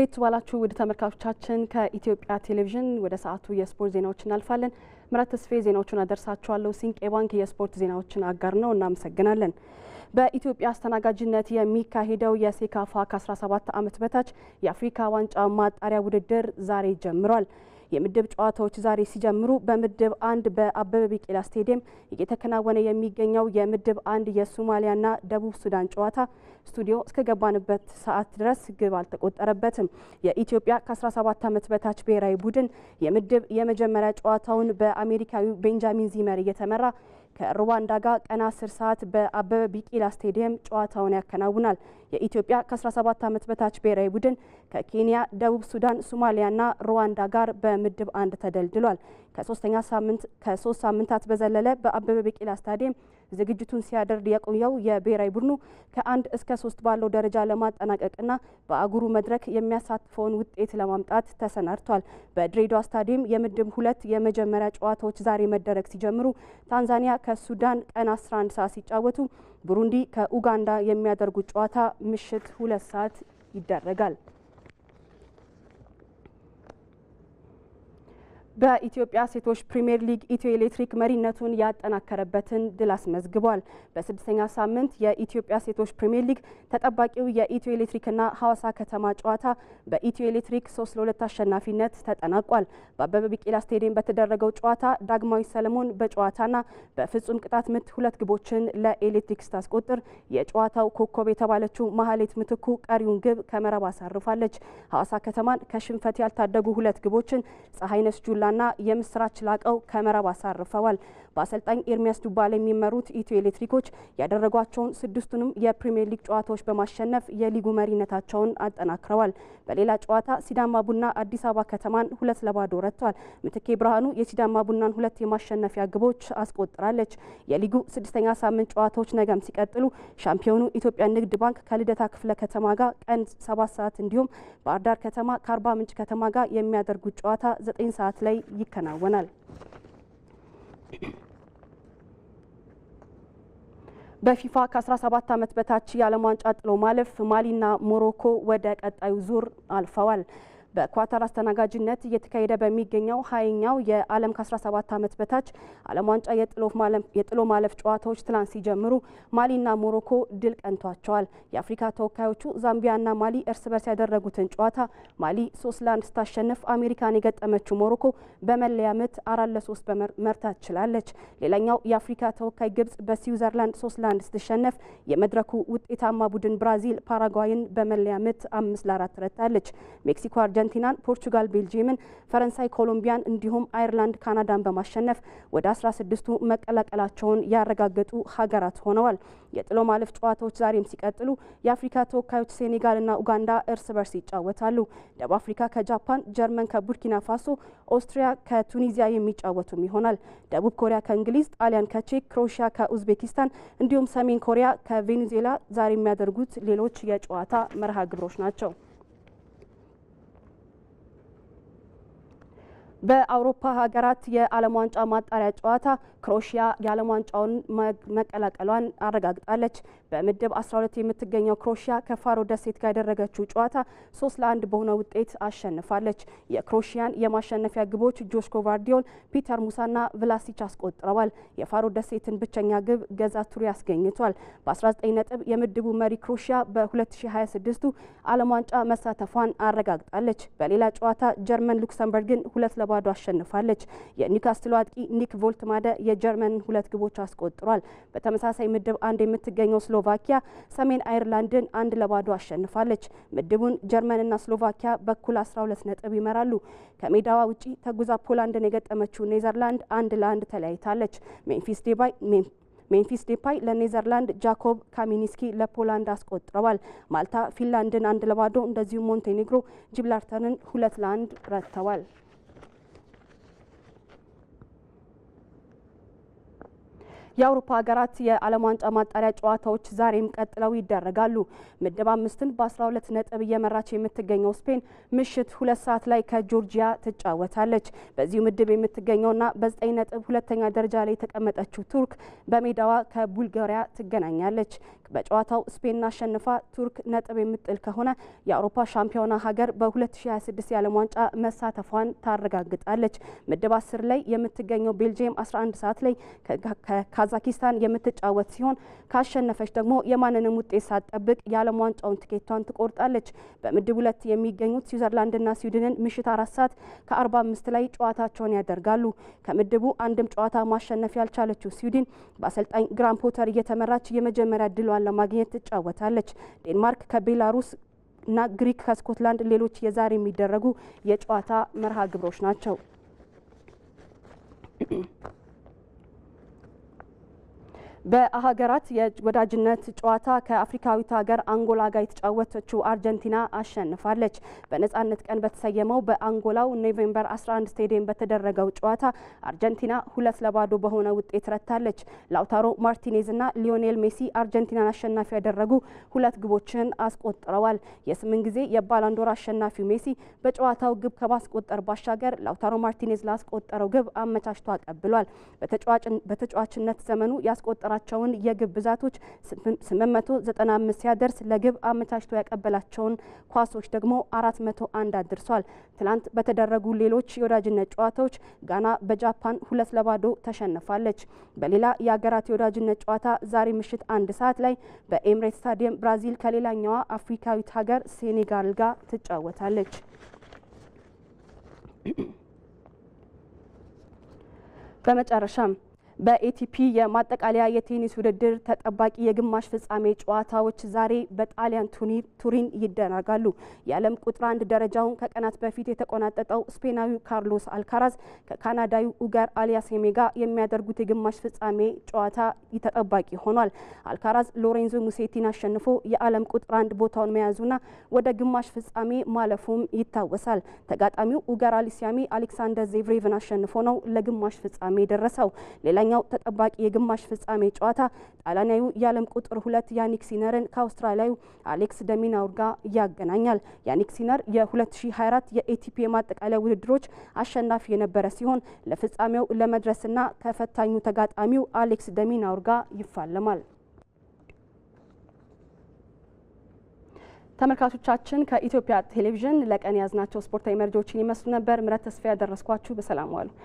እንዴት ዋላችሁ ውድ ተመልካቾቻችን። ከኢትዮጵያ ቴሌቪዥን ወደ ሰዓቱ የስፖርት ዜናዎች እናልፋለን። ምራት ተስፌ ዜናዎቹን አደርሳችኋለሁ። ሲንቄ ባንክ የስፖርት ዜናዎችን አጋር ነው። እናመሰግናለን። በኢትዮጵያ አስተናጋጅነት የሚካሄደው የሴካፋ ከ17 ዓመት በታች የአፍሪካ ዋንጫ ማጣሪያ ውድድር ዛሬ ጀምሯል። የምድብ ጨዋታዎች ዛሬ ሲጀምሩ በምድብ አንድ በአበበ ቢቂላ ስቴዲየም እየተከናወነ የሚገኘው የምድብ አንድ የሶማሊያና ደቡብ ሱዳን ጨዋታ ስቱዲዮ እስከገባንበት ሰዓት ድረስ ግብ አልተቆጠረበትም። የኢትዮጵያ ከ17 ዓመት በታች ብሔራዊ ቡድን የምድብ የመጀመሪያ ጨዋታውን በአሜሪካዊው ቤንጃሚን ዚመር እየተመራ ከሩዋንዳ ጋር ቀን 10 ሰዓት በአበበ ቢቂላ ስቴዲየም ጨዋታውን ያከናውናል። የኢትዮጵያ ከ17 ዓመት በታች ብሔራዊ ቡድን ከኬንያ፣ ደቡብ ሱዳን፣ ሶማሊያና ሩዋንዳ ጋር በምድብ አንድ ተደልድሏል። ከሶስተኛ ሳምንት ከሶስት ሳምንታት በዘለለ በአበበ ቢቂላ ስታዲየም ዝግጅቱን ሲያደርግ የቆየው የብሔራዊ ቡድኑ ከአንድ እስከ ሶስት ባለው ደረጃ ለማጠናቀቅና በአጉሩ መድረክ የሚያሳትፈውን ውጤት ለማምጣት ተሰናድቷል። በድሬዳዋ ስታዲየም የምድብ ሁለት የመጀመሪያ ጨዋታዎች ዛሬ መደረግ ሲጀምሩ ታንዛኒያ ከሱዳን ቀን 11 ሰዓት ሲጫወቱ ቡሩንዲ ከኡጋንዳ የሚያደርጉት ጨዋታ ምሽት ሁለት ሰዓት ይደረጋል። በኢትዮጵያ ሴቶች ፕሪምየር ሊግ ኢትዮ ኤሌክትሪክ መሪነቱን ያጠናከረበትን ድል አስመዝግቧል። በስድስተኛ ሳምንት የኢትዮጵያ ሴቶች ፕሪምየር ሊግ ተጠባቂው የኢትዮ ኤሌክትሪክና ሐዋሳ ከተማ ጨዋታ በኢትዮ ኤሌክትሪክ ሶስት ለሁለት አሸናፊነት ተጠናቋል። በአበበ ቢቂላ ስቴዲየም በተደረገው ጨዋታ ዳግማዊ ሰለሞን በጨዋታና በፍጹም ቅጣት ምት ሁለት ግቦችን ለኤሌክትሪክ ስታስቆጥር የጨዋታው ኮከብ የተባለችው መሀሌት ምትኩ ቀሪውን ግብ ከመረብ አሳርፋለች። ሐዋሳ ከተማን ከሽንፈት ያልታደጉ ሁለት ግቦችን ፀሐይነሽ ጁላ ሞላና የምስራች ላቀው ከመረብ አሳርፈዋል። በአሰልጣኝ ኤርሚያስ ዱባል የሚመሩት ኢትዮ ኤሌክትሪኮች ያደረጓቸውን ስድስቱንም የፕሪምየር ሊግ ጨዋታዎች በማሸነፍ የሊጉ መሪነታቸውን አጠናክረዋል። በሌላ ጨዋታ ሲዳማ ቡና አዲስ አበባ ከተማን ሁለት ለባዶ ረቷል። ምትኬ ብርሃኑ የሲዳማ ቡናን ሁለት የማሸነፊያ ግቦች አስቆጥራለች። የሊጉ ስድስተኛ ሳምንት ጨዋታዎች ነገም ሲቀጥሉ ሻምፒዮኑ ኢትዮጵያ ንግድ ባንክ ከልደታ ክፍለ ከተማ ጋር ቀን ሰባት ሰዓት እንዲሁም ባህር ዳር ከተማ ከአርባ ምንጭ ከተማ ጋር የሚያደርጉት ጨዋታ ዘጠኝ ሰዓት ላይ ይከናወናል። በፊፋ ከ17 ዓመት በታች የዓለም ዋንጫ ጥሎ ማለፍ ማሊና ሞሮኮ ወደ ቀጣዩ ዙር አልፈዋል። በኳታር አስተናጋጅነት እየተካሄደ በሚገኘው ሀይኛው የዓለም ከ17 ዓመት በታች ዓለም ዋንጫ የጥሎ ማለፍ ጨዋታዎች ትላንት ሲጀምሩ ማሊና ሞሮኮ ድል ቀንቷቸዋል። የአፍሪካ ተወካዮቹ ዛምቢያና ማሊ እርስ በርስ ያደረጉትን ጨዋታ ማሊ ሶስት ለአንድ ስታሸንፍ አሜሪካን የገጠመችው ሞሮኮ በመለያ ምት አራት ለሶስት መርታት ችላለች። ሌላኛው የአፍሪካ ተወካይ ግብጽ በስዊዘርላንድ ሶስት ለአንድ ስትሸነፍ የመድረኩ ውጤታማ ቡድን ብራዚል ፓራጓይን በመለያ ምት አምስት ለአራት ረታለች። ሜክሲኮ አርጀንቲና አርጀንቲናን፣ ፖርቹጋል ቤልጂየምን፣ ፈረንሳይ ኮሎምቢያን እንዲሁም አይርላንድ ካናዳን በማሸነፍ ወደ 16ቱ መቀላቀላቸውን ያረጋገጡ ሀገራት ሆነዋል። የጥሎ ማለፍ ጨዋታዎች ዛሬም ሲቀጥሉ የአፍሪካ ተወካዮች ሴኔጋልና ኡጋንዳ እርስ በርስ ይጫወታሉ። ደቡብ አፍሪካ ከጃፓን፣ ጀርመን ከቡርኪና ፋሶ፣ ኦስትሪያ ከቱኒዚያ የሚጫወቱም ይሆናል። ደቡብ ኮሪያ ከእንግሊዝ፣ ጣሊያን ከቼክ፣ ክሮኤሽያ ከኡዝቤኪስታን እንዲሁም ሰሜን ኮሪያ ከቬኔዙዌላ ዛሬ የሚያደርጉት ሌሎች የጨዋታ መርሃ ግብሮች ናቸው። በአውሮፓ ሀገራት የዓለም ዋንጫ ማጣሪያ ጨዋታ ክሮኤሽያ የዓለም ዋንጫውን መቀላቀሏን አረጋግጣለች። በምድብ 12 የምትገኘው ክሮኤሽያ ከፋሮ ደሴት ጋር ያደረገችው ጨዋታ ሶስት ለአንድ በሆነ ውጤት አሸንፋለች። የክሮሽያን የማሸነፊያ ግቦች ጆሽኮ ቫርዲዮል፣ ፒተር ሙሳና ቭላሲች አስቆጥረዋል። የፋሮ ደሴትን ብቸኛ ግብ ገዛ ቱሪ አስገኝቷል። በ19 ነጥብ የምድቡ መሪ ክሮኤሽያ በ2026 ዓለም ዋንጫ መሳተፏን አረጋግጣለች። በሌላ ጨዋታ ጀርመን ሉክሰምበርግን ሁለት ለ ለባዶ አሸንፋለች። የኒውካስትሉ አጥቂ ኒክ ቮልትማደ የጀርመን ሁለት ግቦች አስቆጥሯል። በተመሳሳይ ምድብ አንድ የምትገኘው ስሎቫኪያ ሰሜን አይርላንድን አንድ ለባዶ አሸንፋለች። ምድቡን ጀርመንና ስሎቫኪያ በኩል 12 ነጥብ ይመራሉ። ከሜዳዋ ውጪ ተጉዛ ፖላንድን የገጠመችው ኔዘርላንድ አንድ ለአንድ ተለያይታለች። ሜንፊስ ዴባይ ሜንፊስ ዴፓይ ለኔዘርላንድ፣ ጃኮብ ካሚኒስኪ ለፖላንድ አስቆጥረዋል። ማልታ ፊንላንድን አንድ ለባዶ እንደዚሁም ሞንቴኔግሮ ጂብላርተርን ሁለት ለአንድ ረትተዋል። የአውሮፓ ሀገራት የዓለም ዋንጫ ማጣሪያ ጨዋታዎች ዛሬም ቀጥለው ይደረጋሉ። ምድብ አምስትን በ12 ነጥብ እየመራች የምትገኘው ስፔን ምሽት ሁለት ሰዓት ላይ ከጆርጂያ ትጫወታለች። በዚሁ ምድብ የምትገኘውና በ9 ነጥብ ሁለተኛ ደረጃ ላይ የተቀመጠችው ቱርክ በሜዳዋ ከቡልጋሪያ ትገናኛለች። በጨዋታው ስፔን አሸንፋ ቱርክ ነጥብ የምጥል ከሆነ የአውሮፓ ሻምፒዮና ሀገር በ2026 የዓለም ዋንጫ መሳተፏን ታረጋግጣለች። ምድብ 10 ላይ የምትገኘው ቤልጅየም 11 ሰዓት ላይ ካዛኪስታን የምትጫወት ሲሆን ካሸነፈች ደግሞ የማንንም ውጤት ሳትጠብቅ የዓለም ዋንጫውን ትኬቷን ትቆርጣለች። በምድብ ሁለት የሚገኙት ስዊዘርላንድና ስዊድንን ምሽት አራት ሰዓት ከ45 ላይ ጨዋታቸውን ያደርጋሉ። ከምድቡ አንድም ጨዋታ ማሸነፍ ያልቻለችው ስዊድን በአሰልጣኝ ግራን ፖተር እየተመራች የመጀመሪያ ድሏን ለማግኘት ትጫወታለች። ዴንማርክ ከቤላሩስ እና ግሪክ ከስኮትላንድ ሌሎች የዛሬ የሚደረጉ የጨዋታ መርሃ ግብሮች ናቸው። በሀገራት የወዳጅነት ጨዋታ ከአፍሪካዊት ሀገር አንጎላ ጋር የተጫወተችው አርጀንቲና አሸንፋለች። በነጻነት ቀን በተሰየመው በአንጎላው ኖቬምበር 11 ስቴዲየም በተደረገው ጨዋታ አርጀንቲና ሁለት ለባዶ በሆነ ውጤት ረታለች። ላውታሮ ማርቲኔዝ እና ሊዮኔል ሜሲ አርጀንቲናን አሸናፊ ያደረጉ ሁለት ግቦችን አስቆጥረዋል። የስምንት ጊዜ የባላንዶር አሸናፊው ሜሲ በጨዋታው ግብ ከማስቆጠር ባሻገር ላውታሮ ማርቲኔዝ ላስቆጠረው ግብ አመቻችቶ አቀብሏል። በተጫዋችነት ዘመኑ ያስቆጠራ ያቀረባቸውን የግብ ብዛቶች 895 ሲያደርስ ለግብ አመቻችቶ ያቀበላቸውን ኳሶች ደግሞ 401 አድርሷል። ትላንት በተደረጉ ሌሎች የወዳጅነት ጨዋታዎች ጋና በጃፓን ሁለት ለባዶ ተሸንፋለች። በሌላ የሀገራት የወዳጅነት ጨዋታ ዛሬ ምሽት አንድ ሰዓት ላይ በኤምሬት ስታዲየም ብራዚል ከሌላኛዋ አፍሪካዊት ሀገር ሴኔጋል ጋር ትጫወታለች። በመጨረሻም በኤቲፒ የማጠቃለያ የቴኒስ ውድድር ተጠባቂ የግማሽ ፍጻሜ ጨዋታዎች ዛሬ በጣሊያን ቱሪን ይደረጋሉ። የዓለም ቁጥር አንድ ደረጃውን ከቀናት በፊት የተቆናጠጠው ስፔናዊው ካርሎስ አልካራዝ ከካናዳዊ ኡጋር አሊያሴሜ ጋር የሚያደርጉት የግማሽ ፍጻሜ ጨዋታ ተጠባቂ ሆኗል። አልካራዝ ሎሬንዞ ሙሴቲን አሸንፎ የዓለም ቁጥር አንድ ቦታውን መያዙና ወደ ግማሽ ፍጻሜ ማለፉም ይታወሳል። ተጋጣሚው ኡጋር አሊሲያሜ አሌክሳንደር ዜቭሬቭን አሸንፎ ነው ለግማሽ ፍጻሜ ደረሰው። ሌላ በሌላኛው ተጠባቂ የግማሽ ፍጻሜ ጨዋታ ጣሊያናዊ የዓለም ቁጥር ሁለት ያኒክ ሲነርን ከአውስትራሊያዊ አሌክስ ደሚናውር ጋር ያገናኛል። ያኒክ ሲነር የ2024 የኤቲፒ የማጠቃለያ ውድድሮች አሸናፊ የነበረ ሲሆን ለፍጻሜው ለመድረስና ከፈታኙ ተጋጣሚው አሌክስ ደሚናውር ጋር ይፋለማል። ተመልካቾቻችን ከኢትዮጵያ ቴሌቪዥን ለቀን የያዝናቸው ስፖርታዊ መረጃዎችን ይመስሉ ነበር። ምረት ተስፋ ያደረስኳችሁ። በሰላም ዋሉ።